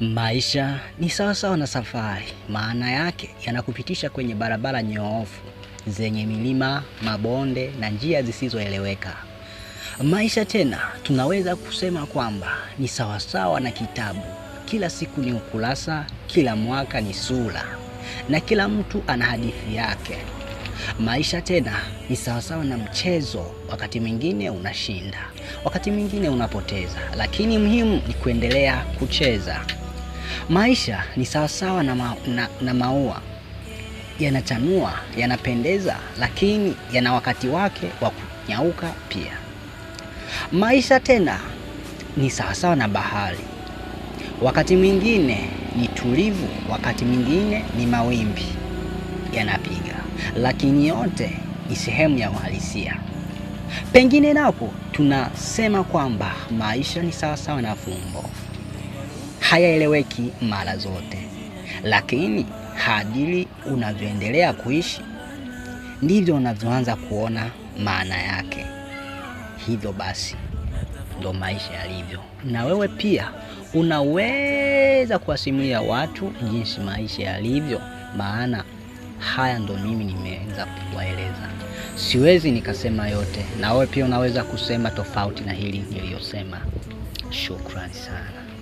Maisha ni sawasawa na safari, maana yake yanakupitisha kwenye barabara nyoofu zenye milima, mabonde na njia zisizoeleweka. Maisha tena tunaweza kusema kwamba ni sawasawa na kitabu, kila siku ni ukurasa, kila mwaka ni sura, na kila mtu ana hadithi yake. Maisha tena ni sawasawa na mchezo, wakati mwingine unashinda, wakati mwingine unapoteza, lakini muhimu ni kuendelea kucheza. Maisha ni sawasawa na, ma, na, na maua yanachanua, yanapendeza, lakini yana wakati wake wa kunyauka pia. Maisha tena ni sawasawa na bahari, wakati mwingine ni tulivu, wakati mwingine ni mawimbi yanapiga, lakini yote ni sehemu ya uhalisia. Pengine napo tunasema kwamba maisha ni sawasawa na fumbo hayaeleweki mara zote, lakini hadili unavyoendelea kuishi ndivyo unavyoanza kuona maana yake. Hivyo basi ndo maisha yalivyo, na wewe pia unaweza kuwasimulia watu jinsi maisha yalivyo, maana haya ndo mimi nimeweza kuwaeleza. Siwezi nikasema yote, na wewe pia unaweza kusema tofauti na hili niliyosema. Shukrani sana.